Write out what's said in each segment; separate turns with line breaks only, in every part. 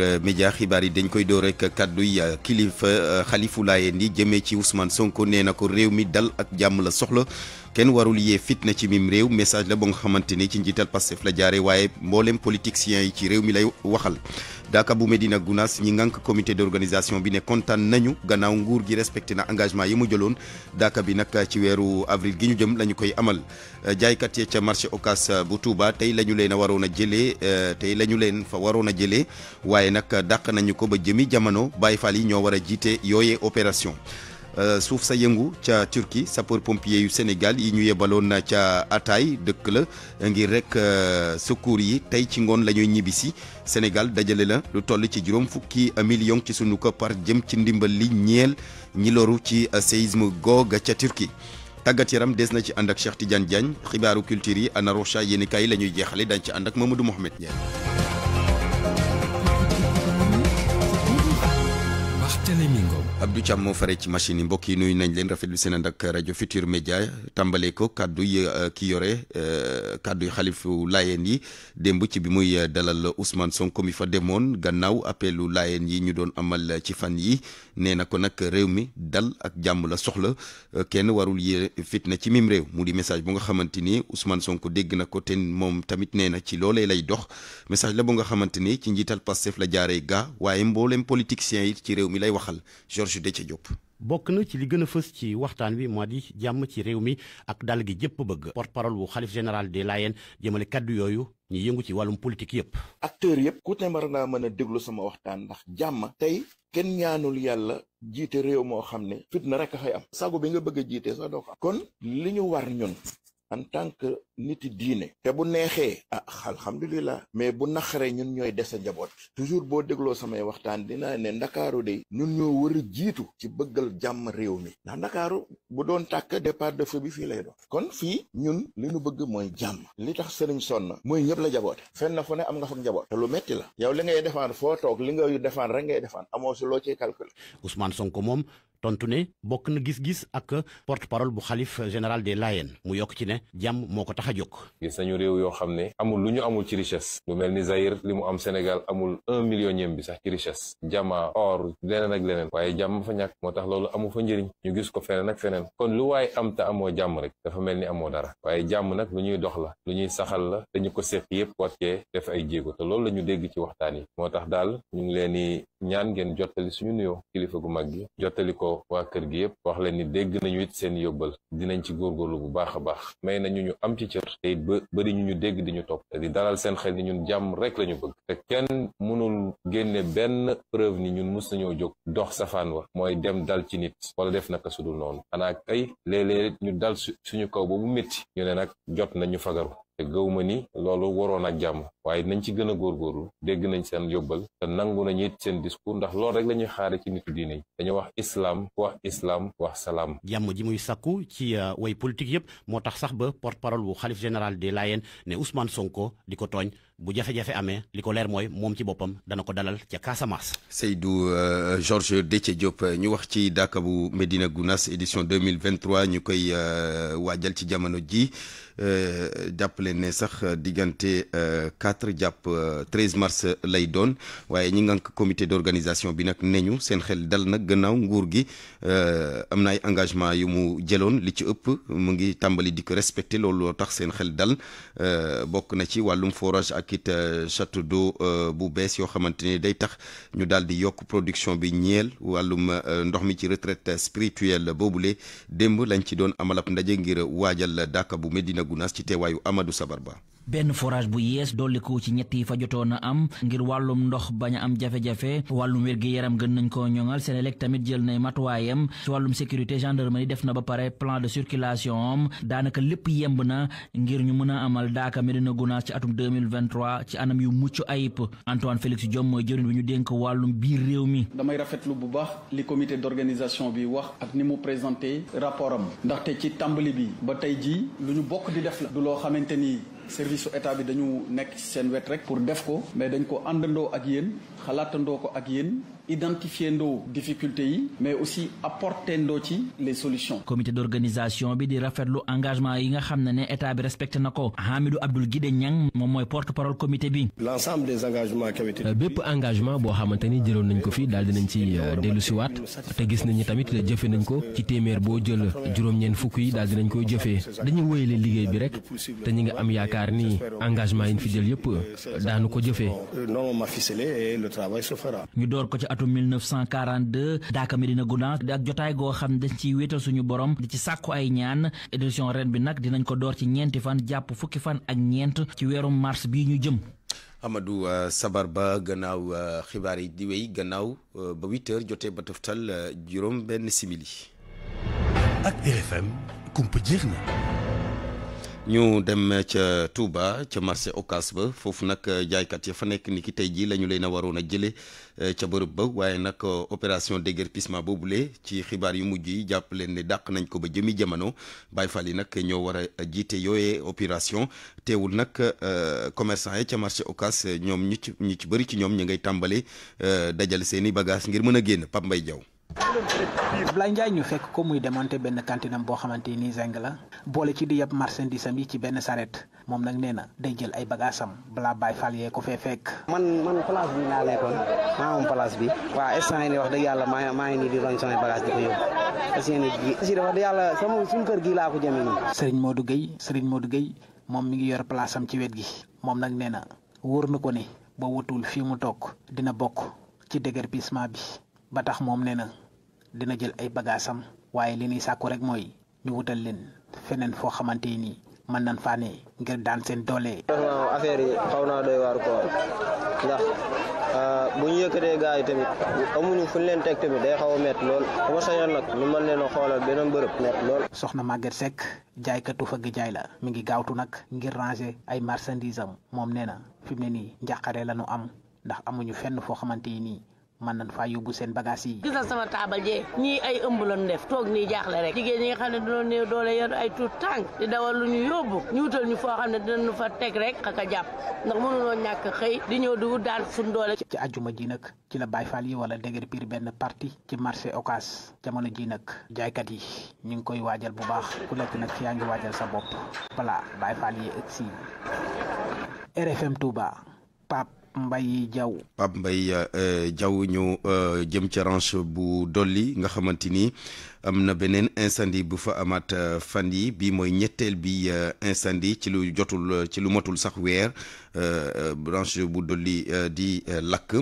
Euh, média xibaar yi dañ koy door rek kàdduy euh, kilifa xalifu euh, Laayeen yi jëmee ci Ousmane sonk nee na ko réew mi dal ak jàmm la soxla kenn warul yee fitna ci mim réew message la ba nga xamante ni ci njiital Pastef la jaare waaye mboolem politiciens yi ci réew mi lay waxal daaka bu Medina Gounass ñi ngànk comité d'organisation bi ne kontaan nañu gannaaw nguur gi respecté na engagement yi mu jëloon daaka bi nag ci weeru avril gi ñu jëm lañu koy amal jaaykat yee ca marché ocas bu Touba tey la ñu leen a waroon a jëlee euh, tey la ñu leen fa waroon a jëlee waaye nag dàq nañu ko ba jëmi jamono Baye Fall yi ñoo war a jiite yooyee opération Euh, suuf sa yëngu ca turki sapor pompier yu Sénégal yi ñu yebaloon na ca Atay dëkk la ngir rek euh, secours yi tey ci ngoon la ñuy ñibbisi Sénégal dajale la lu toll ci juróom fukki million ci sunu koppar jëm ci ndimbal li ñeel ñi loru ci euh, séisme googa ca Turquie. tàggat yaram des na ci ànd ak Cheikh Tidiane Diagne xibaaru culture yi ana rocha yéen la ñuy jeexale dañ ci ànd ak Mamadou Mohamed Ndiaye. Abdou Thiam moo fare ci machine yi mbokk yi nuyu nañ leen rafetlu seen ànd ak rajo Futur Média tàmbale ko kaddu yi euh, ki yore euh, kaddu yi xalifu laayeen yi démb ci bi muy dalal Ousmane Sonko mi fa demoon gannaaw appelu laayeen yi ñu doon amal ci fan yi nee na ko nag réew mi dal ak jàmm la soxla kenn warul yee fitna ci mim réew mu di message bu nga xamante ni Ousmane Sonko dégg na ko te moom tamit nee na ci loolee lay dox message la bu nga xamante ni ci njiital Pastef la jaaree ga waaye mboolem politiciens yi ci réew mi lay waxal Georges Déthié Diop.
bokk na ci li gën a fës ci waxtaan wi moo di jàmm ci réew mi ak dal gi jëpp bëgg. porte parole wu xalif général des
Layènes jëmale kaddu yooyu. ñi yëngu ci wàllum politique yëpp. acteurs yëpp. ku ne war mën a déglu sama waxtaan ndax jàmm. tey kenn ñaanul yàlla jiite réew moo xam ne fitna rek a am sago bi nga bëgg a jiite sax doo ko am kon li ñu war ñun en tant que nit diine te bu neexee ah alhamdulilah mais bu naqaree ñun ñooy dese njaboot toujours boo dégloo samay waxtaan dina ne ndakaaru de ñun ñoo war jiitu ci bëggal jàmm réew mi ndax ndakaaru bu doon tàkk depart de feu bi fii lay doon kon fii ñun li ñu bëgg mooy jàmm li tax sëriñ sonn mooy ñëpp la jaboote fenn fu ne am nga fa njaboot te lu metti la yow li ngay defaan foo toog li nga defaan rek ngay defaan amoo si loo ciy calculer
Ousmane Sonko moom tontu ne bokk na
gis-gis ak porte parole bu xalif général des Layènes mu yokk ci ne
jàmm moo ko tax a jóg. gis
nañu réew yoo xam ne amul lu ñu amul ci richesse lu mel ni Zaïre li mu am Sénégal amul un millionième bi sax ci richesse jama or leneen ak leneen waaye jàmm fa ñàkk moo tax loolu amu fa njëriñ ñu gis ko feneen ak feneen kon lu waaye am te amoo jàmm rek dafa mel ni amoo dara waaye jàmm nag lu ñuy dox la lu ñuy saxal la dañu ko séq yépp watkee def ay jéego loolu la ñu dégg ci waxtaan yi moo tax daal ñu ngi leen di ñaan ngeen jottali suñu nuyoo kilifa gu mag gi jottali ko ko waa kër gi yëpp wax leen ni dégg nañu it seen yóbbal dinañ ci góorgóorlu bu baax a baax may nañu ñu am ci cër te it ba bëri ñu ñu dégg di ñu topp di dalal seen xel ni ñun jàmm rek la ñu bëgg te kenn mënul génne benn preuve ni ñun mus nañoo jóg dox safaan wa mooy dem dal ci nit wala def naka sudul noonu xanaa kay léeg-léeg ñu dal su suñu kaw boobu métti ñu ne nag jot na ñu fagaru te gëwma ni loolu waroon ak jàmm waaye nañ ci gën a góorgóorlu dégg nañ seen yóbbal te nangu nañ it seen discours ndax loolu rek la ñuy xaare ci nitu diine yi dañu wax islaam wax islaam wax salaam
jàmm ji muy sàkku ci euh, way politique yëpp moo tax sax ba porte parole bu xalif général des Layènes ne Ousmane Sonko di ko tooñ bu jafe-jafe amee li ko leer mooy moom ci boppam dana ko dalal ca Casamance.
Seydou euh, Georges Déthié Diop euh, ñu wax ci daaka bu Medina Gounass édition 2023 ñu koy euh, waajal ci jamono ji jàppale ne sax diggante 4 jàpp 13 mars lay doon waaye ñi ngank comité d'organisation bi nag ne ñu seen xel dal nag gannaaw nguur gi am na ay engagement yu mu jëloon li ci ëpp mu ngi tàmbali di ko respecté loolu loo tax seen xel dal bokk na ci wàllum forage ak ak it euh, château d'eau euh, bu bees yoo xamante ni day tax ñu daal di yokk production bi ñeel wàllum euh, ndox mi ci retraite boobu boobule demb lañ ci doon amal ndaje ngir waajal la daaka bu Medina Gounass ci teewaayu amadu Sabar Ba
benn forage bu yees dolliku ci ñett yi fa jotoon a am ngir wàllum ndox bañ a am jafe-jafe wàllum wér-gi-yaram gën nañ koo ñoŋal Senelec tamit jël nay matuwaayam ci wàllum sécurité gendarmerie def na ba pare plan de circulation am daanaka lépp yemb na ngir ñu mën a amal daaka Médina Gounass ci atum 2023 ci anam yu mucc ayib Antoine Félix Diome mooy jëriñ bi ñu dénk wàllum biir réew mi
damay rafetlu bu baax li comité d'organisation bi wax ak ni mu présenté rapport am ndaxte ci tàmbali bi ba service su état bi dañu nekk seen wet rek pour def ko mais dañ ko àndandoo ak yéen xalaatandoo ko ak yéen identifier ndoo difficulté yi mais aussi apporter ndoo ci les solutions. comité
d'organisation bi di rafetlu engagement yi nga xam ne ne état bi respecté na ko Hamidou Abdoul Guidé Niang moom mooy porte-parole comité bi. l'ensemble des engagements qui avaient été.
Euh, bépp engagement boo xamante ni jëloon nañ ko fi daal dinañ ci euh, dellu si waat te gis nañ ni tamit jëfe nañ ko ci téeméer boo jël juróom-ñeent fukk yi daal dinañ koy jëfee dañuy wéyale liggéey bi rek te ñi am yaakaar
ni engagement yi fi jël yëpp euh, daanu ko atum 1942 daaka Medina Gounass ak jotaay goo xam dañ ciy wéetal suñu borom di ci sàkku ay ñaan édition ren bi nag dinañ ko door ci ñeenti fan jàpp fukki fan ak ñeent ci weerum mars bii ñu jëm
Amadou euh, Sabar ba gannaaw euh, xibaar yi di wéy gannaaw euh, ba 8h jotee ba toftal juróom benn simili. ak RFM
kumpa jeex na.
ñu dem ca Touba ca marché Ocass ba foofu nag euh, jaaykat ya fa nekk ni ki tey jii la ñu leen a waroon a jëlee euh, ca bërëb ba waaye nag euh, opération boobu boobule ci xibaar yu mujj yi jàpp leen ne dàq nañ ko ba jëmi jamono Baye Fall yi nag ñoo war a jiite yooyee opération teewul nag commerçant yi ca marché Ocass ñoom ñu ci ñu ci bëri ci ñoom ñu ngay tàmbali dajal seen i bagage ngir mën a génn Pape Mbaye Diaw
Ablaye Ndiaye ñu fekk ko muy demante benn kantinam boo xamante ni zinc la boole ci di yab marchandise am yi ci benn saret moom nag nee na day jël ay bagaasam balaa Baye Fall yee ko fee fekk. man man place bi laa nekkoon maa moom place waaw instant yii wax dëgg yàlla maa maa ngi nii di roñ samay bagage di ko yóbbu aussi yéen a ji wax yàlla sama suñu gii laa ko jëmee nii. Serigne Modou Gueye Serigne Modou Gueye moom mi ngi yor place am ci wet gi moom nag nee na wóor na ko ne ba wutul fii mu toog dina bokk ci déguerpissement bi. ba tax moom nee na dina jël ay bagaasam waaye li ñuy sàkku rek mooy ñu wutal leen feneen foo xamante nii mën nañ faa ne ngir daan seen doole.
affaire xaw naa doy waar ko ndax euh, bu ñu yëkkatee gars yi tamit amuñu fu ñu leen teg tamit day xaw a métti lool bu ma sañoon beneen
lool. soxna màgget Seck jaaykatu fëgg jaay la mi ngi gaawtu nag ngir range ay marchandises moom nee na fi mu ne nii njàqare la am ndax amuñu fenn foo xamante nii. mën nañ faa yóbbu seen bagage yi
gisal sama taabal jee ñii ay ëmb lañu def toog nii jaaxle rek jigéen ñi xam ne dañoo néew doole yor ay tuut tànk di dawal lu ñu yóbbu ñu wutal ñu foo xam ne dinañu fa teg rek xaka jàpp ndax mënunoo ñàkk xëy di ñëw
dugub daan suñ doole ci ajuma ji nag ci la Baay Faal yi wala dégër piir benn parti ci marché Ocass jamono ji nag jaaykat yi ñu ngi koy waajal bu baax ku lekk nag yaa ngi waajal sa bopp balaa Baay Faal yi Pape Mbaye Diaw.
Pape Mbaye euh, Diaw ñu euh, jëm ca ranch bu dolli nga xamante ni. am na beneen incendie bu fa amaat euh, fan yi bii mooy ñetteel bi euh, incendie ci lu jotul euh, ci lu matul sax weer branche bu dolli di lakk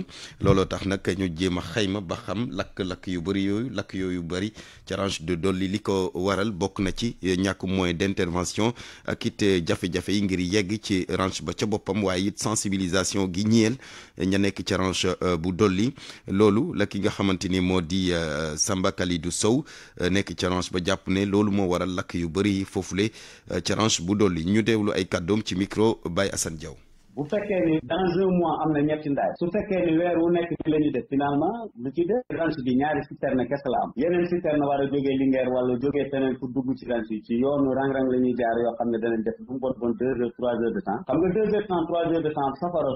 looloo tax nag ñu jéem a xayma ba xam lakk-lakk yu bëri yooyu lakk yooyu bëri ci branche de dolli li ko waral bokk na ci ñàkk moyen d'intervention ak it jafe-jafe yi ngir yegg ci branche ba ca boppam waaye it sensibilisation gi ñeel ña nekk ci branche bu dolli loolu la ki nga xamante ni moo di Samba du Sow Euh, nekk carange ba jàpp ne loolu moo waral lakk yu bari foofu le euh, carange bu dolli ñu deewlu ay kaddoom ci micro Baye Assane Diaw
bu fekkee ni dans un mois am na ñetti ndaay su fekkee ni weer wu nekk ci ñu def finalement lu ci def ranch bi ñaari citerne kese la am yeneen citerne war a jógee Linguère wala jógee feneen pour dugg ci ranch yi ci yoonu rang-rang la ñuy jaar yoo xam ne deneen def lu mu bon deux heures trois heures de temps xam nga deux heures de temps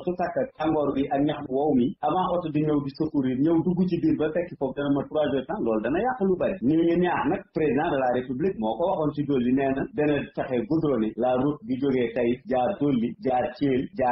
su takk tàngoor bi ak ñax bu wow mi avant oto di ñëw di secourir ñëw dugg ci biir ba fekk foofu dana ma trois heures de temps loolu dana yàq lu bari ñu ngi ah, ko waxoon ci dolli nee na dana fexe goudronné la tey jaar dolli jaar Thiel jaar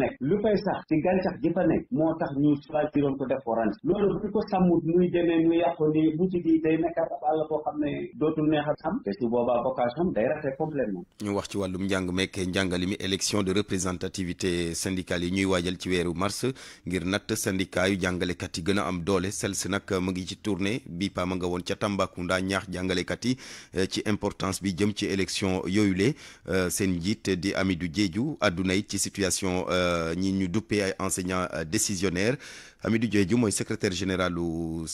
nekk ni
wax ci wàllum njàng mekkee njàngali mi élection de représentativité syndicale yi ñuy waajal ci weeru mars ngir natt syndicat yu jàngalekat yi gën a am doole sels nag mu ngi ci tournée bi pa nga woon ca Tambacounda ñaax jàngalekat yi eh, ci importance bi jëm ci élection yooyule eh, seen njiit di Amidou Diédhiou àdduna yi ci situation eh, ñi ñu duppee ay décisionnaire euh, décisionnaires Hamidou Diédhiou mooy secrétaire général u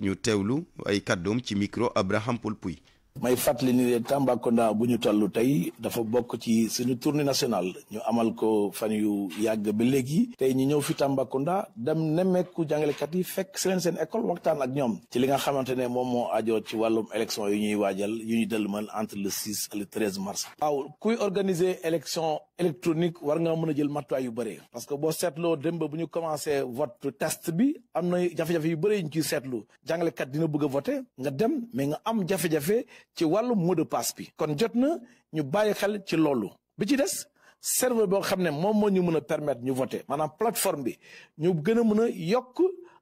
ñu teewlu ay kàddoom ci micro Abraham Poulpouy
may fàttali ni Tambacounda bu ñu toll tey dafa bokk ci suñu tournée nationale ñu amal ko fan yu yàgg ba léegi tey ñu ñëw fi Tambacounda dem nemmeeku jàngalekat yi fekk si leen seen école waxtaan ak ñoom ci li nga xamante ne moom moo ajoo ci wàllum élection yu ñuy waajal yu ñu dëlmal entre le 6 et le 13 mars. waaw ku organiser élection électronique war nga mën a jël matuwaay yu bëri parce que boo seetloo ba bu ñu commencé vote test bi am na jafe-jafe yu bëri yu ñu ciy seetlu jàngalekat dina bëgg a voter nga dem mais nga am jafe ci wàllu mot de passe bi kon jot na ñu bàyyi xel ci loolu bi ci des serveur boo xam ne moom moo ñu mën a permettre ñu voter maanaam plateforme bi ñu gën a mën a yokk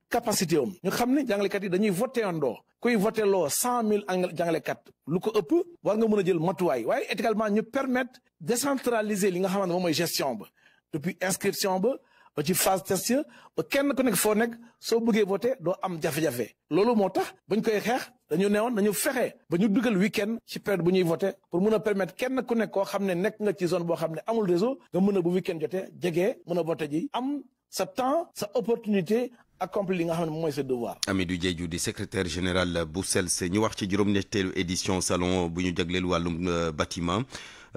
capacité am ñu xam ne jàngalekat yi dañuy voté andoo kuy voté loo cent mille jàngalekat lu ko ëpp war nga mën a jël matuwaay waaye également ñu permettre décentraliser li nga xamante moom mooy gestion ba depuis inscription ba ba ci phase test ba kenn ku nekk foo nekk soo bëggee voté doo am jafe-jafe loolu moo tax bañ koy xeex dañu neewoon dañu fexe ba ñu dugal week-end ci période bu ñuy voté pour mun a permettre kenn ku nekk ko xam ne nekk nga ci zone boo xam ne amul réseau nga mën a bu week-end jotee jege mën a voté ji am sa temps sa opportunité accompli li nga xam ne mooy sa devoir.
Amidou Diedhiou di secrétaire général bu CELS ñu wax ci juróom-ñetteelu édition salon bu ñu jagleel wàllum euh, batiment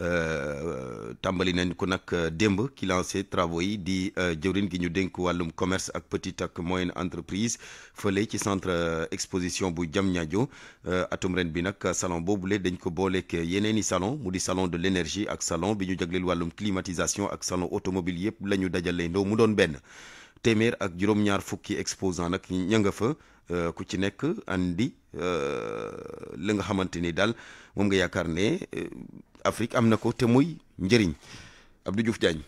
Euh, tàmbali nañ ko nag euh, démb ki lancé travaux yi di euh, jëwrin gi ñu dénk wàllum commerce ak petite ak moyenne entreprise fële ci centre exposition bu ñaajo atum ren bi nag salon boobule dañ ko booleek yeneen i salon mu di salon de l'énergie ak salon bi ñu jagleel wàllum climatisation ak salon automobile yëpp la ñu dajalee ndaw mu doon benn téeméer ak juróom-ñaar fukki exposant nag ña nga fa ku ci nekk andi li nga xamante ni daal moom nga yaakaar ne Afrique am na ko te muy njëriñ Abdou Diouf Diagne.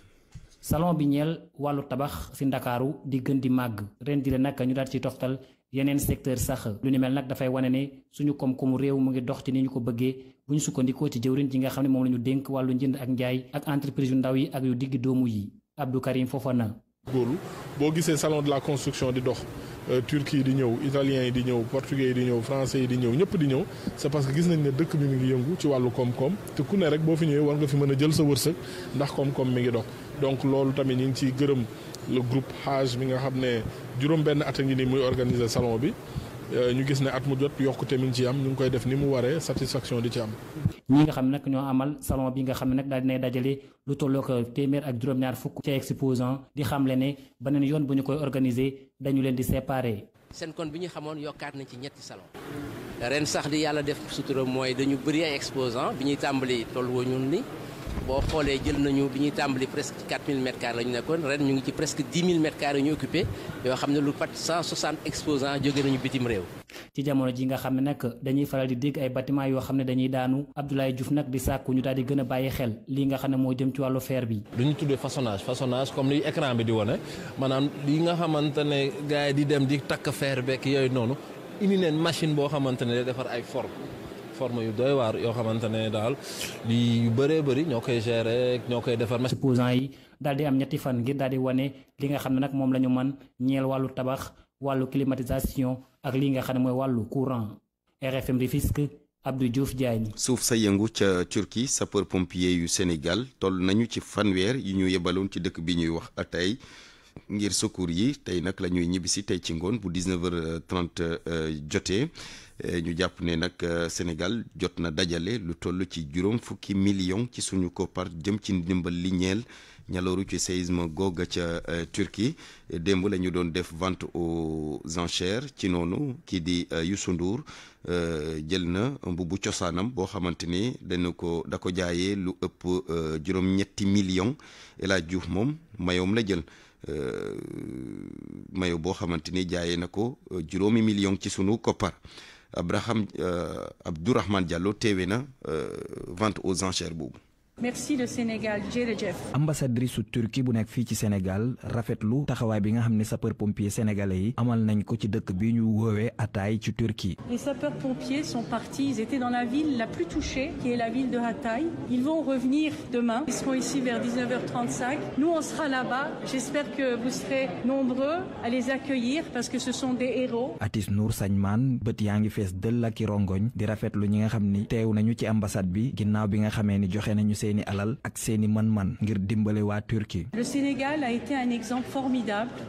salon bi ñeel wàllu tabax si ndakaaru di gën di màgg ren di la nag ñu daal ci toxtal yeneen secteur sax lu ni mel nag dafay wane ne suñu koom-koomu réew mu ngi dox ci ni ñu ko bëggee bu ñu sukkandikoo ci jëwriñ ji nga xam ne moom la ñu dénk wàllu njënd ak njaay ak entreprise yu ndaw yi ak yu digg
doomu yi Abdou Karim Fofana góorlu boo gisee salon de la construction di dox euh, Turquie di ñëw italien yi di ñëw portugais yi di ñëw français yi di ñëw ñëpp di ñëw c'est parce que gis nañ ne dëkk bi mi ngi yëngu ci wàllu koom-koom te ku ne rek boo fi ñëwee war nga fi mën a jël sa wërsëg ndax koom-koom mi ngi dox donc loolu tamit ñu ngi ciy gërëm le groupe Hage mi nga xam ne juróom benn at ngi nii muy organiser salon bi Euh, ñu gis ne at mu jot yokkute mi ngi ci am ñu ngi koy def ni mu waree satisfaction
di ci am. ñi nga xam nag ñoo amal salon bi nga xam ne nag daal dinay dajale lu tollook téeméer ak juróom fukk ci exposant di xamle ne beneen yoon bu ñu koy organiser dañu leen di séparer.
seen kon bi ñu xamoon yokkaat nañ ci ñetti salon ren sax di yàlla def sutura mooy dañu bëri ay exposant bi ñuy tàmbali tollu woon ñun ni boo xoolee jël nañu bi ñuy tàmbali presque ci 4000 mètres carrés ñu nekkoon ren ñu ngi ci presque 10 000 mètres carrés ñu occupé yoo xam ne lu pat 160 exposants jóge nañu bitim réew.
ci jamono ji nga xam ne nag dañuy faral di dégg ay batiment yoo xam ne dañuy daanu Abdoulaye Diouf nag di sàkku ñu daal di gën a bàyyi xel lii nga xam ne moo jëm ci wàllu feer bi. lu ñu tuddee façonnage façonnage comme li écran bi di wane maanaam li nga xamante ne gars di dem di
takk fer beeg yooyu noonu indi neen machine boo xamante ne day defar ay forme forme yu doy
waar yoo xamante ne daal li yu bëree bëri ñoo koy gérer ñoo koy defar. opposants yi daal di am ñetti fan ngir daal di wane li nga xam ne nag moom la man mën ñeel wàllu tabax wàllu climatisation ak lii nga xam ne mooy wàllu courant RFM Rufisque Abdou Diouf Diagne.
suuf sa yëngu ca Turquie sapeur pompier yu Sénégal toll nañu ci fanweer yi ñu yebaloon ci dëkk bi ñuy wax tey. ngir secours yi tey nag la ñuy ñibbisi tey ci ngoon bu 19h30 euh, jotee euh, ñu jàpp ne nag euh, senegal jot na dajale lu toll ci juróom fukki million ci suñu koppar jëm ci ndimbal li ñeel ñalooru ci séisme googa ca Turquie démb la ñu doon def vente aux enchères ci noonu kii di Youssou Ndour jël na mbubu cosaanam boo xamante ni dañu ko da ko jaayee lu ëpp juróom-ñetti million El Hadj Diouf moom mayoom la jël. Euh, mayo boo xamante ni jaayee na ko euh, juróomi million ci sunu koppar Abraham euh, Abdourahmane Diallo teewe na vente aux enchères boobu.
merci le Sénégal jërëjëf.
su Turquie bu nekk fii ci Sénégal rafetlu taxawaay bi nga xam ne sapeur pompier sénégalais yi amal nañ ko ci dëkk bi ñu woowee Hatay ci Turquie.
les sapeurs pompiers sont partis ils étaient dans la ville la plus touchée qui est la ville de Hatay ils vont revenir demain ils seront ici vers nous on sera là-bas j'espère que vous serez nombreux à les accueillir parce que ce sont des héros.
Atis Nour Sañman bët yaa ngi fees dëll ak i rongoñ di rafetlu ñi nga xam ni teew nañu ci ambassade bi ginnaaw bi nga seeni alal ak seeni mën-mën ngir dimbale waa Turquie.
Le Sénégal a été un exemple formidable.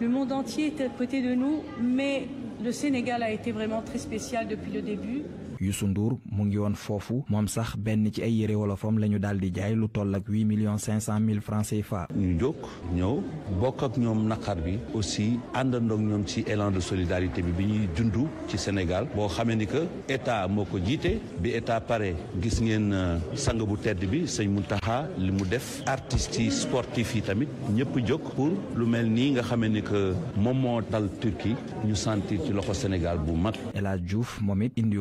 Le monde entier est à de nous, mais le Sénégal a été vraiment très spécial depuis le début.
Youssou Ndour mu ngi woon foofu moom sax benn ci ay yëre wolofam la ñu daal di jaay lu toll ak huit millions cinq cent mille
francs CFA. ñu jóg ñëw bokk ak ñoom naqar bi aussi àndandoo ak ñoom ci élan de solidarité bi bi ñuy jundu ci Sénégal boo xamee ni que état moo ko jiite
bi état pare gis ngeen euh, sang bu tedd bi sëñ taxa li mu def artistes yi sportifs yi tamit ñëpp jóg pour lu mel nii nga xamee ni que moom moo dal
Turquie ñu sentir ci loxo Sénégal bu mag.
El Hadj moom it indi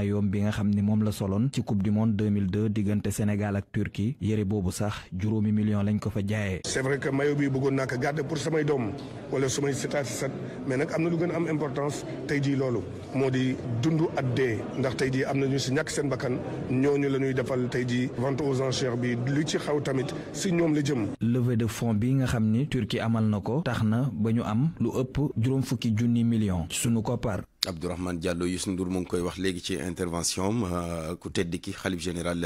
mayoom bi nga xam ni moom la soloon ci coupe du monde 2002 diggante Sénégal ak Turquie yére boobu sax juróomi million lañ ko fa jaaye c'est
vrai que maillot bi bëggoon naa ko pour samay doom wala sumay sitaat sat mais nag am na lu gën am importance tey jii loolu moo di dund at dee ndax tey jii am na ñu si ñàkk seen bakkan ñooñu la ñuy defal tey jii vente aux enchères bi lu ci xaw tamit si ñoom la jëm.
leve de fonds bi nga xam ni Turquie amal na ko tax na ba ñu am lu ëpp juróom fukki junni million sunu koppar.
Abdourahmane Diallo Youssou Ndour mu ngi koy wax léegi intervention am euh, ku tedd ki xalif général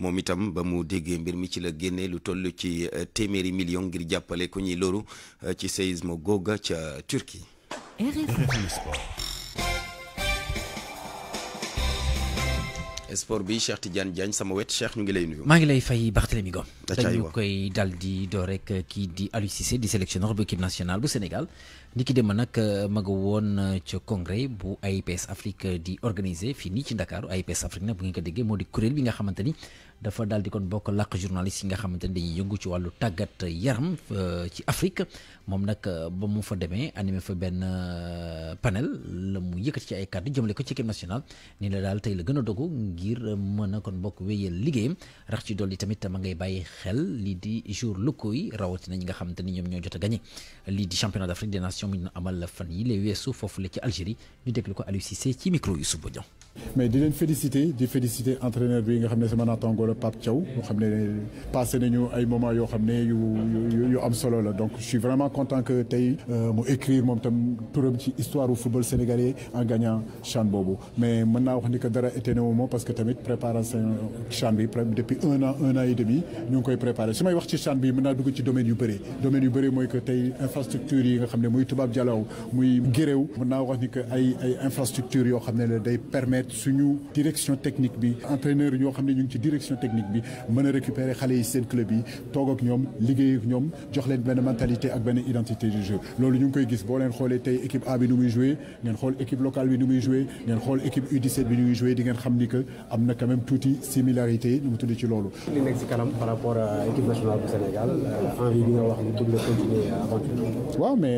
moom itam ba mu déggee mbir mi ci la génnee lu toll ci euh, téeméeri million ngir jàppale ku ñuy loru euh, ci séisme googa ca Turquie. sport bi Cheikh Tidiane Diagne sama wet Cheikh ñu ngi lay nuyu. maa
ngi lay fay Barthélémy Ngom. dañu koy dal di door rek kii di Aliou Cissé di sélectionneur bu équipe nationale bu Sénégal. ni ki dem nag euh, ma woon euh, ca congrès bu AIPS Afrique euh, di organiser fii nii ci ndakaaru AIPS Afrique nag bu ngeen ko déggee moo di kuréel bi nga xamante ni dafa daal di kon bokk làq journaliste yi nga xamante ni dañuy yëngu ci wàllu tàggat yaram ci Afrique moom nag ba mu fa demee animé fa benn panel la mu yëkkati ci ay kàddu jëmale ko ci équipe nationale ni la daal tey la gën a dogu ngir mën a kon bokk wéyal liggéeyam rax ci dolli tamit ma ngay bàyyi xel lii di jour lukko yi rawatina ñi nga xamante ni ñoom ñoo jot a gagné lii manifestation bi ñu amal la fan yi lay weesu foofu la ci Algérie ñu déglu ko Aliou Cissé ci micro Youssou Bodian
mais di leen félicité di félicité entraîneur bi nga xam ne sama naataango la Pape Thiaw yoo xam ne passé nañu ay moment yoo xam ne yu am solo la donc suis vraiment content que tey euh, mu écrire moom tam turam ci histoire du football sénégalais en gagnant CHAN boobu mais mën naa wax ni que dara étonné wu ma parce que tamit préparation CHAN bi depuis un an un an yu tubaab jalaw muy géréw mën naa wax ni que ay infrastructure yoo xam ne la day permettre suñu direction technique bi entraîneur ñoo xam ne ñu ngi ci direction technique bi mën a récupérer xale yi seen club yi toog ak ñoom liggéey ak ñoom jox leen benn mentalité ak benn identité du jeu loolu ñu ngi koy gis boo leen xoolee tey équipe A bi nu muy joué ngeen xool équipe locale bi nu muy joué ngeen xool équipe U17 bi nu muy joué di ngeen xam ni que loolu. li nekk ci par rapport à équipe nationale bu Sénégal euh, envie bi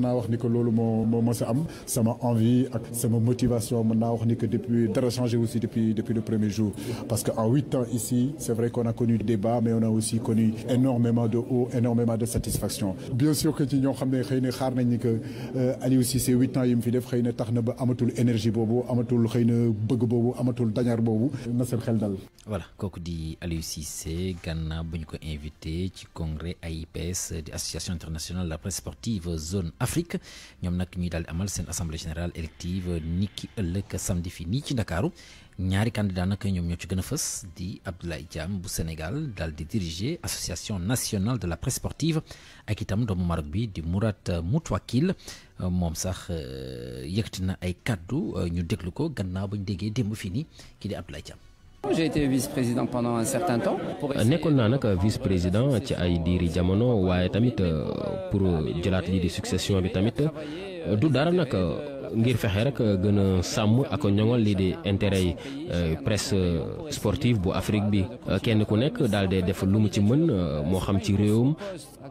mën naa wax ni que loolu moo moo mos a am sama envie ak sama motivation mën naa wax ni que depuis dara changé aussi depuis depuis le premier jour. parce que en huit ans ici c'est vrai qu'on a connu des bas mais on a aussi connu énormément de hauts énormément de satisfaction. bien sûr que ci ñoo xam ne xaar nañ ni que euh, Aliou Cissé huit ans yi mu fi def xëy na tax na ba amatul énergie boobu amatul xëy na bëgg boobu amatul dañaar boobu na seen xel dal.
voilà kooku di Aliou Cissé gannaaw b ko invité ci congrès AIPS di association internationale la presse sportive Afrique ñoom nag ñuy daal di amal seen assemblée générale élective nit ki ëllëg samedi fii nii ci Ndakaaru ñaari candidat nag ñoom ñoo ci gën a fës di Abdoulaye Thiam bu Sénégal daal di diriger association nationale de la presse sportive ak itam doomu Maroc bi di murat Mourat Moutwakil moom sax euh, yëkkati na ay kàddu euh, ñu déglu ko gannaaw ba ñu déggee démb fii nii kii di Abdoulaye Thiam. j'ai été vice-président pendant un certain temps. nekkoon naa nag vice-président
ci ay diiri jamono waaye tamit euh, pour jëlaat lii di succession bi tamit du dara nag ngir fexe rek gën a sàmm ak ñoŋal lii di intérêt yi euh, presse euh, sportive bu Afrique bi kenn ku nekk daal di def lu mu ci mën euh, moo xam ci réew réewam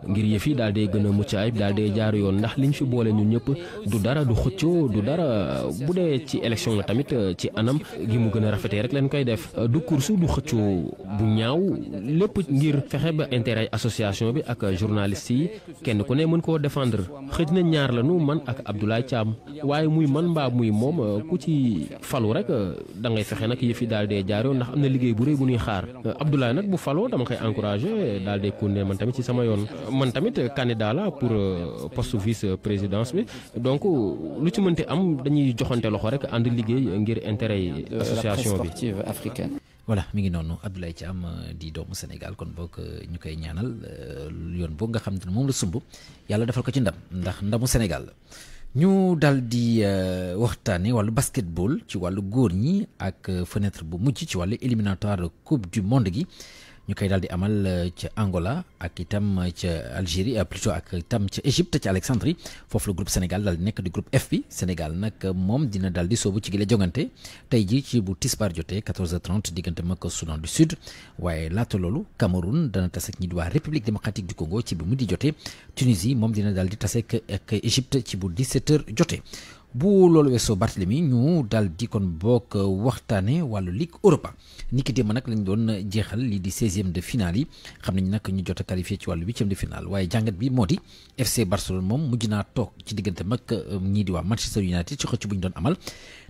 ngir yëf yi daal di gën a mucc ayib daal di jaar yoon ndax liñ fi boole nu ñëpp du dara du xëccoo du dara bu dee ci élection la tamit ci anam gi mu gën a rafetee rek leen koy def du course du xëccoo bu ñaaw lépp ngir fexe ba intérêt association bi ak journaliste yi kenn ku ne mën koo defendre xëj na ñaar lañu ak Abdoulaye Thiam waaye muy man mbaa muy moom ku ci falu rek da ngay fexe nag yi yi dal dee jaaroo ndax am na liggéey bu rëy bu ñuy xaar Abdoulaye nag bu faloo dama koy encouragé daal dee continuer man tamit ci sama yoon man tamit candidat la pour euh, poste vice présidence bi donc lu ci mënti am dañuy joxante loxo rek ànd liggéey ngir intérêt yi association bi
africaine voilà mi ngi noonu Abdoulaye am euh, di doomu Sénégal kon boog euh, ñu koy ñaanal euh, yoon boobu nga xam ne moom la sumb yàlla defal ko ci ndam ndax ndamu Sénégal ñu daal di waxtaane wàllu basketball ci wàllu góor ñi ak fenêtre bu mujj ci wàllu éliminatoire coupe du monde gi ñu koy daal di amal euh, ca Angola ak itam euh, ca Algérie euh, plutôt ak itam ca Égypte ca Alexandrie foofu la groupe Sénégal daal di nekk di groupe F Sénégal nag moom dina daal di soobu ci gile jongante tey jii ci bu tisbaar jote 14h30 diggante mag Soudan du Sud waaye laata loolu Cameroun dana tase ak ñi di waa République démocratique du Congo ci bu mu di jotee Tunisie moom dina daal di tase ak Égypte ci bu 17h jotee. bu loolu weesoo Barthélemy ñu daal di kon bokk waxtaane wàllu Ligue Europa niki démb nag lañ doon jeexal lii di seizième de finale yi xam nañ nag ñu jot a ci wàllu huitième de finale waaye jàngat bi moo di FC Barcelone moom mujj naa toog ci diggante mag euh, ñii di waa Manchester United ci xëcc bu ñu doon amal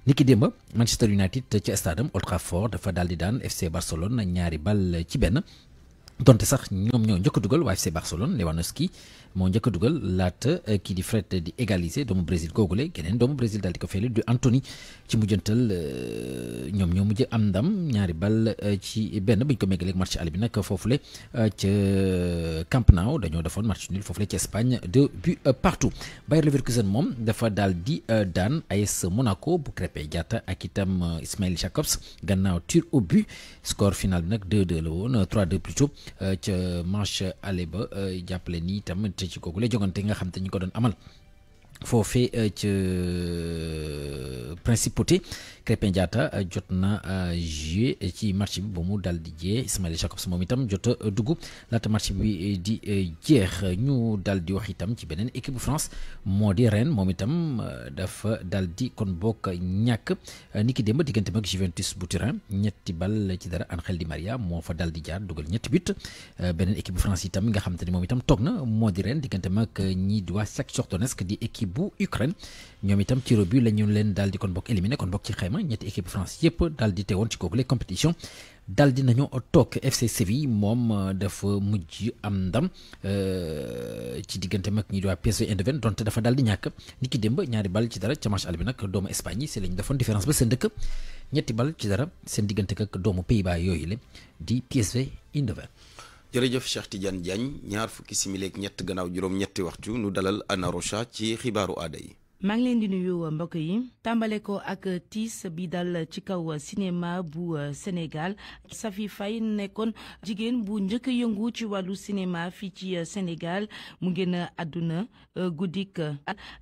niki démb Manchester United ci stade am Old Trafford dafa daal di daan FC Barcelone ñaari bal ci benn donte sax ñoom ñoo njëkk a dugal wa FC Barcelone Lewandowski moo njëkk dugal laata eh, kii di Fred di égaliser doomu Brésil googule keneen doomu Brésil daal di ko feelu du Antony ci mujjantal eh, ñoom ñoo mujj am ndam ñaari bal eh, ci benn bu ñu ko méngaleeg match aller bi nag foofule ca Camp Nou dañoo defoon match nul foofule ci Espagne deux buts partout Bayer Leverkusen moom dafa dal di daan ay AS Monaco bu Krépin Diatta ak itam Ismail Jacobs gannaaw tir au but score final bi nag 2-2 la woon 3-2 plutôt ca match aller ba jàppale ni ci googu la jogante nga xam te ñu ko doon amal foofee euh, ca euh, principauté Krépin Diatta euh, jot na euh, joué ci match bi ba mu dal di jee Ismail Jakobs moom itam jot a euh, dugg laata match bi di jeex ñu dal di wax itam ci beneen équipe bu France moo di Rennes moom itam dafa dal di kon bokk ñàkk ni ki démb diggante mag Juventus bu Turin ñetti bal ci dara Angel Di Maria moo fa dal di jaar dugal ñetti but beneen équipe bu France itam nga xam te ne moom itam toog na moo di Rennes diggante mag ñii di waa Shakhtar Donetsk di équipe bu Ukraine na ñetti équipe France yëpp daal di teewoon ci kooku les compétitions daal di nañu toog FC Séville moom euh, dafa mujj am ndam euh, ci diggante mag ñi di waa PSV Eindhoven donte dafa daal di ñàkk ni ki démb ñaari bal ci dara ca match aller bi nag doomu Espagne yi si la ñu defoon différence ba seen dëkk ñetti bal ci dara seen diggante ak doomu Pays-Bas yooyu la di PSV Eindhoven.
jërëjëf Cheikh Tidiane Diagne ñaar fukki simili ak ñett gannaaw juróom-ñetti waxtu nu dalal Ana Rocha ci xibaaru aada yi.
maa ngi leen di nuyu mbokk yi tàmbale ko ak tiis bi dal ci kaw cinéma bu euh, senegal Safi fay nekkoon jigéen bu njëkk yëngu ci wàllu cinéma fii ci euh, senegal mu génn àdduna euh, guddik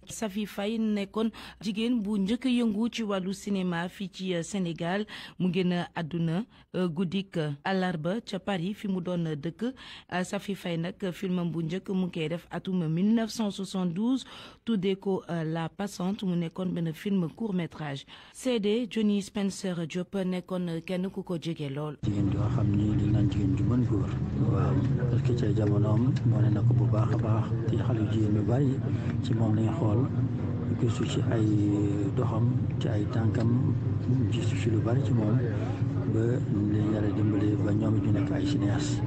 Safi nekkoon jigéen bu njëkk yëngu ci wàllu cinéma fii ci Sénégal mu génn àdduna guddik àllarba ca Paris fi mu doon dëkk Safi fay nag filmam bu njëkk mu ngi koy def atum 1972 tuddee ko la La Passante mu nekkoon benn film court métrage CD Johnny Spencer Diop nekkoon kenn ku ko jege lool.
jigéen joo xam ni li naan jigéen ju mën góor. waaw parce que ca jamonoom wane na ko bu baax a baax te xale yu jigéen yu bari ci moom lañ xool. gëstu ci ay doxam ci ay tànkam gëstu ci lu bari ci moom ba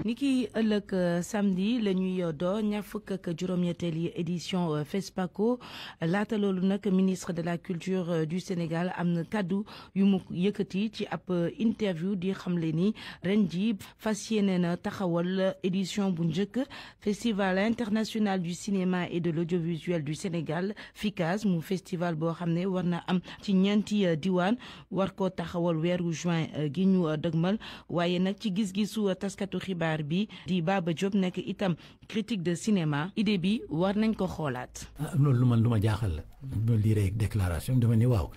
ni ki ëllëg euh, samedi lañuy ñuy doo ñaar fukk ak juróom yi édition euh, FESPACO laata loolu nag ministre de la culture euh, du Sénégal am na kàddu yu mu yëkkati ci ab interview di xamle ni ren ji fas yéene na taxawal édition bu njëkk festival international du cinéma et de l'audiovisuel du Sénégal FICAS mu festival boo xam ne war na am ci ñeenti diwaan war taxawal weeru juin gi ñu euh, dëgmal waaye nag ci gis-gisu euh, taskatu xibaar bi di Baba Diop nekk itam critique de cinéma idée bi war nañ ko xoolaat.
ah loolu lu man lu ma jaaxal la. bu ma liiree déclaration dama ni waaw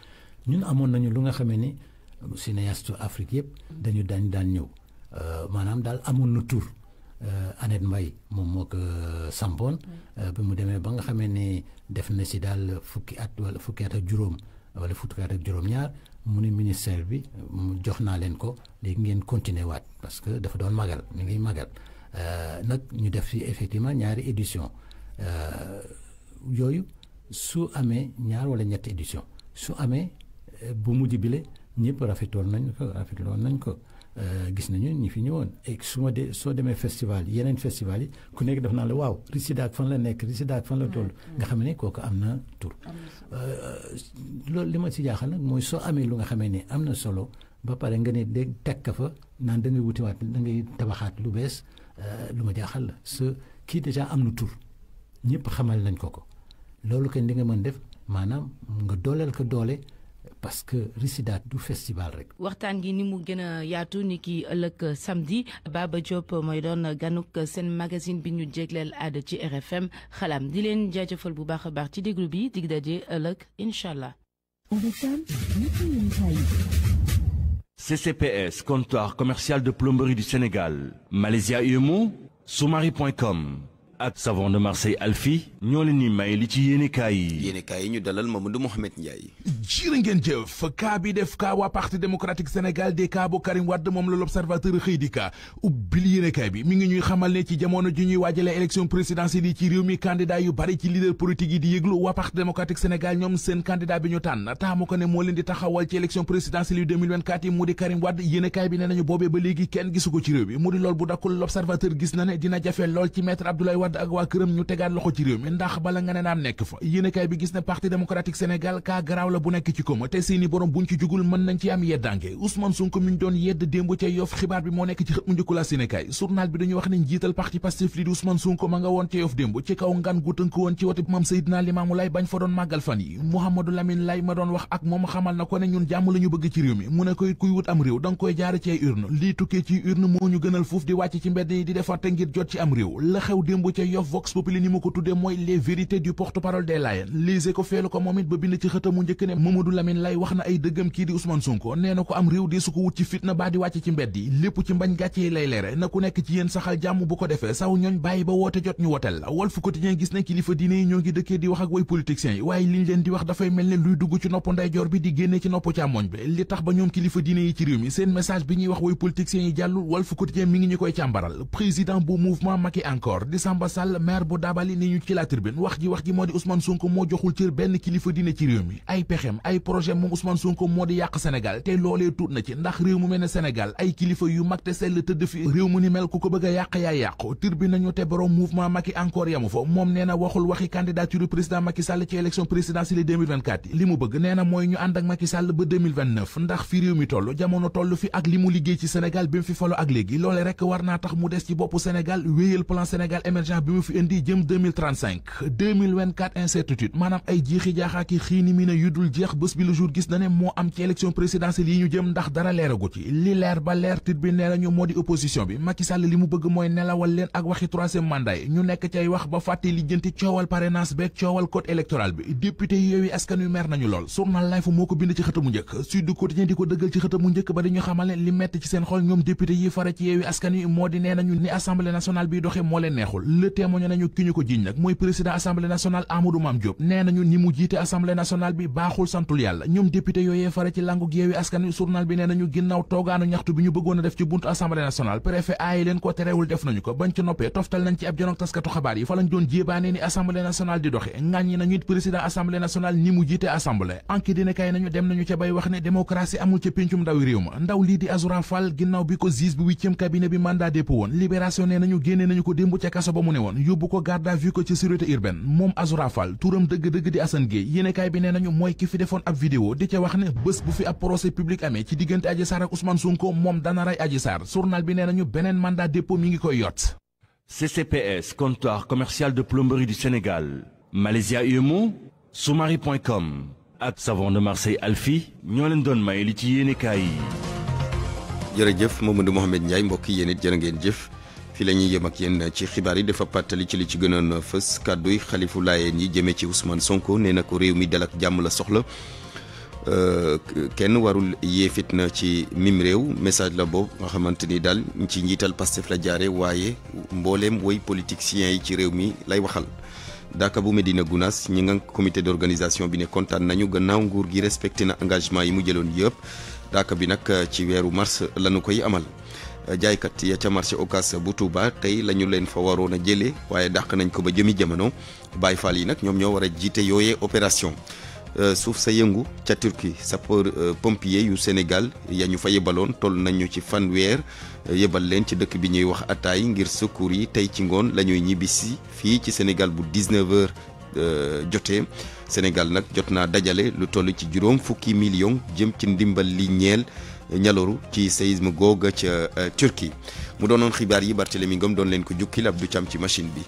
ñun amoon nañu lu nga xamee ni cinéaste Afrique yëpp dañu dañ daan ñëw euh, maanaam daal amoon na tur. Annette Mbaye moom moo ko sampoon bi mu demee ba nga xame ni def na si daal fukki at wala fukki at ak juróom wala fukki at ak juróom-ñaar mu ne ministère bi mu jox naa leen ko léegi ngeen continuer waat parce que dafa doon magal mi ngi magal euh, nag ñu def fi effectivement ñaari édition euh, yooyu su amee ñaar wala ñetti édition su amee euh, bu mujj bile ñëpp rafetoon nañ ko rafetloon nañ ko Euh, gis nañu ñi fi ñëwoon et su ma de soo demee festival yi yeneen festival yi ku nekk def naa la waaw Rissida ak fan la nekk Rissida ak fan la toll. nga xam ne kooku am na tur. Euh, loolu li ma si jaaxal mooy soo amee lu nga xamee ne am na solo ba pare nga ne teg ka fa naan da ngay wutiwaat da ngay tabaxaat lu bees euh, lu ma jaaxal la ce kii déjà am na tur ñëpp xamal nañ ko ko loolu kañ li nga mën def maanaam nga dooleel ko doole. parce que Risida du festival rek.
waxtaan gi ni mu gën a yaatu ni ki ëllëg samedi baaba Diop mooy doon ganuk seen magazine bi ñu jégleel aada ci RFM xalam di leen jaajëfal bu baax a baax ci déglu bi dig daje ëllëg incha allah.
CCPS comptoir commercial de plomberie du Sénégal Malaysia UMO Soumari.com
ak savon de Marseille Alfi ñoo leen may li ci yéenekaay yi ñu dalal
Mamadou Mouhamed Ndiaye jërë ngeen jëf kaa def kaa waa parti démocratique Sénégal des Karim Wade moom la l'observateur xëy di kaa ubbil yéenekaay bi mi ngi ñuy xamal ne ci jamono ji ñuy waajalee élection présidentielle yi ci réew mi candidat yu bari ci leader politique yi di yëglu waa parti démocratique Sénégal ñoom seen candidat bi ñu tànn taamu ko ne moo leen di taxawal Wade ak waa këram ñu tegaat loxo ci réew mi ndax bala nga ne naan nekk fa yéenekaay bi gis ne parti démocratique Sénégal kaa garaaw la bu nekk ci koma te seeni borom buñ ci jugul mën nañ ci am yeddange Ousmane Sonko mi ñu doon yedd démb ca Yoff xibaar bi moo nekk ci xët mu njëkku la Sénégal journal bi dañu wax ne njiital parti Pastef li di Ousmane Sonko ma nga woon ca Yoff démb ci kaw ngan gu tënk woon ci wote Mame Seydina Limamou Laye bañ fa doon ca yof vox populi ni mu ko tuddee mooy les vérités du porte-parole des Layènes lise ko feelu ko moom it ba bind ci xët njëkk ne Mamadou Lamine Lay wax na ay dëggam kii di Ousmane Sonko nee na ko am réew di su ko wut ci fitna baa di wàcc ci mbedd yi lépp ci mbañ gàcce lay leere na ku nekk ci yéen saxal jàmm bu ko defee saw ñooñ bàyyi ba woote jot ñu woteel la Walf Quotidien gis ne kilifa diine yi ñoo ngi dëkkee di wax ak way politiciens yi waaye liñ leen di wax dafay mel nopp ndeyjoor bi di génne ci nopp càmmoñ bi tax ba ñoom kilifa diine yi ci réew mi seen message bi ñuy wax way politiciens yi jàllul Walf Quotidien mi ngi ñu koy càmbaral président bu Samba Sall maire bu Dabali ni wax ji wax ji moo di Ousmane Sonko moo joxul cër benn kilifa dina ci réew mi ay pexem ay projet moom Ousmane Sonko moo di yàq Sénégal te loolee tuut na ci ndax réew mu mel ne ay kilifa yu mag te sell tëdd fi réew mu ni mel ku ko bëgg yàq yaa yàqu tribune nañu te borom mouvement Macky encore yamu fa moom nee na waxul waxi candidature président Macky Sall ci élection présidentielle 2024 yi li mu bëgg nee na mooy ñu ànd ak Macky Sall ba ndax fi réew mi toll agent bi mu fi indi jëm 2035 ay jeexi jaaxaaki xiini mi yu dul jeex bés bi le jour gis na ne moo am ci élection présidentielle yi ñu jëm ndax dara leeragu ci li leer ba leer tit bi nee nañu moo di opposition bi Macky Sall li mu bëgg mooy nelawal leen ak waxi troisième mandat ñu nekk cay wax ba fàtte li coowal parrainage beeg coowal code électoral bi député Yewwi Askan Wi mer nañu lool journal Life moo ko bind ci xëtamu njëkk njëkk ba dañu le nañu ki ñu ko jiñ nag mooy président assemblée nationale Amadou Mame Diop nee nañu ni mu jiite assemblée nationale bi baaxul santul yàlla ñoom député yooyee fare ci langu Yewwi Askan Wi bi nee nañu ginnaaw toogaanu ñaxtu bi ñu bëggoon def ci buntu assemblée nationale préfet aayi leen ko terewul def nañu ko bañ ci noppee toftal nañ ci ab jonok taskatu xabaar yi fa doon jéebaane ni assemblée nationale di doxe ŋàññi ni nañu dem nañu ne woon yóbbu ko garde à vue ko ci sécurité urbaine moom Azoura Fall dëgg-dëgg di Assane Gueye yéenekaay bi nee nañu mooy ki fi defoon ab vidéo di ca wax ne bés bu fi ab procès public amee ci diggante Adji ak Ousmane Sonko moom dana rey Adji Sarr journal bi nee nañu beneen mandat dépôt mi ngi koy yott CCPS comptoir commercial de plomberie du Sénégal Malaysia UMO Soumari.com ak savon de Marseille Alfi ñoo leen doon may li ci yéenekaay yi
jërëjëf Mamadou Mohamed Ndiaye mbokk yi yéen it ngeen jëf fi la ñuy yëm ak yenn ci xibaar yi dafa pàttali ci li ci gënoon fës kàdduy xalifu laayeen yi jëmee ci Ousmane Sonko nee na ko réew mi dal ak jàmm la soxla euh, kenn warul yee na ci mim réew message la boobu nga xamante ni daal ci njiital Pastef la jaare waaye mbooleem woy politiciens yi ci réew mi lay waxal. daaka bu Medina Gounass ñi nga comité d'organisation bi ne kontaan nañu gannaaw nguur gi respecté na engagement yi mu jëloon yëpp daaka bi nag ci weeru mars lañu koy amal. jaaykat ya ca marché Ocass bu Touba tey la ñu leen fa waroon a jëlee waaye dàq nañ ko ba jëmi jamono Baye Fall yi nag ñoom ñoo war a jiite yooyee opération euh, suuf sa yëngu ca sa sapeur euh, pompier yu Sénégal ya ñu fa yebaloon toll nañu ci fanweer euh, yebal leen ci dëkk bi ñuy wax ataay ngir secours yi tey ci ngoon lañuy ñibbisi fii ci Sénégal bu 19h jotee Sénégal nag jot naa dajale lu toll ci juróom fukki million jëm ci ndimbal li ñeel. ñaloru ci séisme googa ca euh, Turquie mu doonoon xibaar yi Barthélémy Ngom doon leen ko jukkil Abdou Thiam ci machine bi